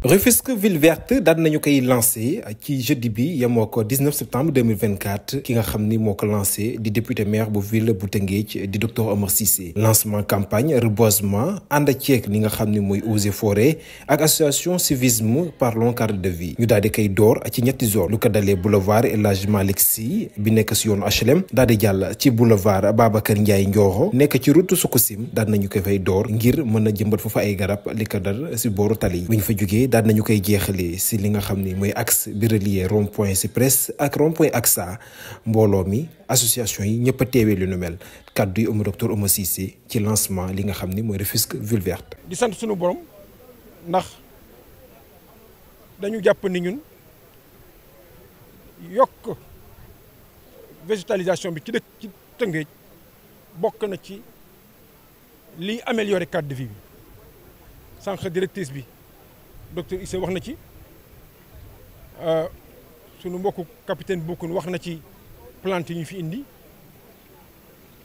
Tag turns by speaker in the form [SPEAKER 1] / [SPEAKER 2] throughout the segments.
[SPEAKER 1] Rufisque ville verte daal nañu koy lancer ci jeudi bi yamoko 19 septembre 2024 ki nga xamni moko lancer di député maire bu ville bu Tëngéej di docteur Omar Cissé lancement campagne reboisement ànd ceeg ni nga xamni moy oser forêt ak association civisme parlons carte de vie ñu daal di koy door ci ñetti zone lu ko dalee boulevard El Hadj Malick Sy bi nek ci yoonu HLM daal di jàll ci boulevard Babacar Ndiaye Ndioro nek ci route Sukusim daal nañu koy fay door ngir mëna a jëmbat foofu ay garab li ko dal si booru tali fa jugee yi nañu koy jeexalee si li nga xam ni mooy axe bi relier rond point Sipres ak rond point AXA mbooloo mi association yi ñëpp a teewee lu nu mel kàddu yi Oumou docteur Omo Cissé ci lancement li nga xam ni mooy Rufisque ville verte.
[SPEAKER 2] di sant suñu borom ndax dañu jàpp ni ñun yokk végétalisation bi ci dëkk ci Tëngéej bokk na ci li améliorer cadre de vie bi sànq directrice bi docteur Issa wax na ci euh, sunu mbokku capitaine Bokoun wax na ci plante ñu fi indi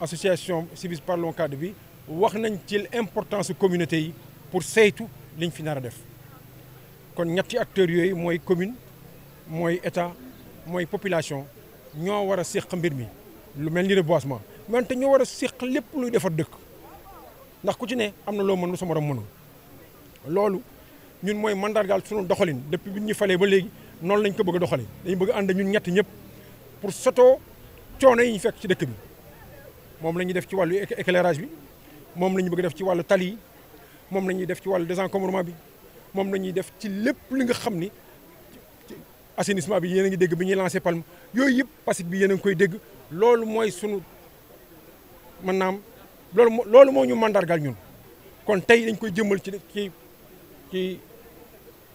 [SPEAKER 2] association Civis Parlons Cadre bi wax nañ ci l'importance communauté yi pour saytu liñ fi nara def kon ñetti acteurs yoy moy commune moy état moy population ño wara sekh mbir mi lu melni reboisement wante ñoo war a séq lépp luy defar dekk ndax ku ci ne amna lo loo mën lu sa morom mënul ñun mooy mandargal sunu doxalin depuis bi ñu falee ba léegi noonu lañ ko bëgg a doxalee dañu bëgg ànd ñun ñett ñëpp pour sotoo coono yi ñu fekk ci dëkk bi moom la ñuy def ci wàllu éclairage bi moom la ñu bëgg def ci wàllu tali yi moom la ñuy def ci wàllu désencombrement bi moom la ñuy def ci lépp li nga xam ni assainissement bi yéen a ngi dégg bi ñuy lancé palme yooyu yëpp Passy bi yéen a ngi koy dégg loolu mooy sunu mën naam loolu moo loolu moo ñu mandargal ñun kon tey dañ koy jëmmal ci ci ci.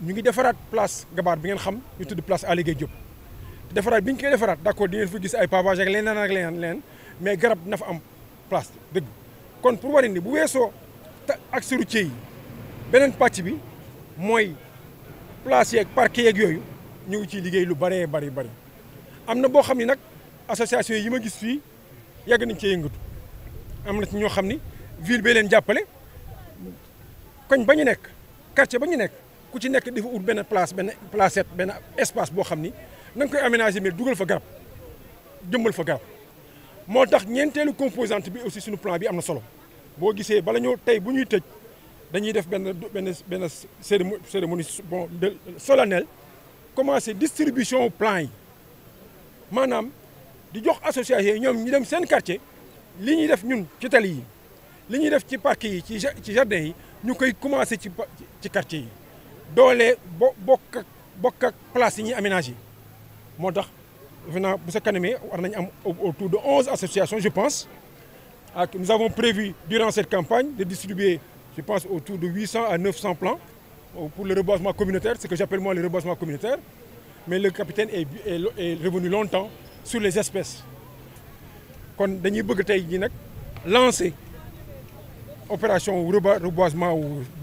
[SPEAKER 2] ñu ngi défarat place gabar bi ngeen xam ñu tudd place Aly Gueye Diop defaraat koy defaraat di ngeen fa gis ay pavage ak lénen ak lénen leneen mais garab dina fa am place deug kon pour wari ni bu weesoo ak accès routier yi benen patch bi moy place yeeg parquet yeeg yoyu ñu ngi ci liggéey lu bari bari bari am na xamni nak association yi ma gis fi yag nañ ci yëngatu am na ci ño xamni ville bi leen jappalé koñ bañu nek quartier bañu nek ku ci nekk dafa ut benn place benn placette benn espace boo xam ni na koy aménager mais dugal fa garab jëmbal fa garab moo tax ñeenteelu composante bi aussi suñu plan bi am na solo boo gisee bala ñoo tey bu ñuy tëj dañuy def benn benn benn cérémonie cérémonie bon de solennelle commencé distribution plan yi maanaam di jox association yi ñoom ñu dem seen quartier li ñuy def ñun ci tali yi li ñuy def ci parc yi ci ci jardin yi ñu koy commencé ci ci quartier yi dans les bokk bokk ak place yi ñuy autour de 11 associations je pense ak nous avons prévu durant cette campagne de distribuer je pense autour de 800 à 900 plans euh, pour le reboisement communautaire ce que j'appelle moi le reboisement communautaire mais le capitaine est revenu longtemps sur les espèces kon dañuy bëgg tey opération reboisement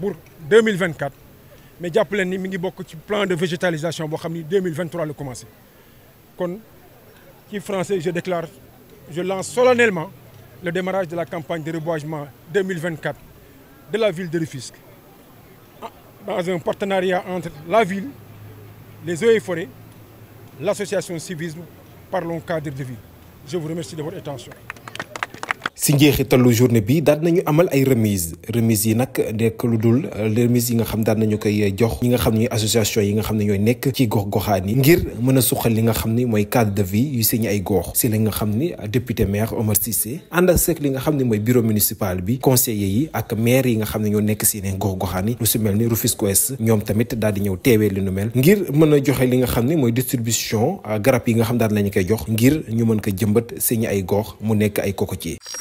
[SPEAKER 2] pour 2024 mais il y a plein plan de végétalisation 2023 le commencé français je déclare je lance solennellement le démarrage de la campagne de reboisement 2024 de la ville de Rufisque ah, dans un partenariat entre la ville les eaux et forêts l'association civisme Parlons cadre de vie je vous remercie de votre attention
[SPEAKER 1] si njeexitalu journée bi daan nañu amal ay remise remise yi nag nekk lu dul euh, remise yi nga xam daan nañu koy euh, jox ñi nga xam ne association yi nga xam ne ñooy nekk ci gox goxaan yi ngir mën a suqal li nga xam ne mooy cadre de vie ay gox si li nga xam ni député maire Omar Cissé ànd ak li nga xam ne mooy bureau municipal bi conseiller yi ak maire yi nga xam ne ñoo nekk si yeneen gox goxaan yi lu si ni Rufisque Ouest ñoom tamit daal di ñëw teewee li nu mën a joxe li nga xam ne mooy distribution euh, garab yi nga xam daan lañu koy jox ngir ñu mën ko jëmbat seeni ay gox mu nekk ay ci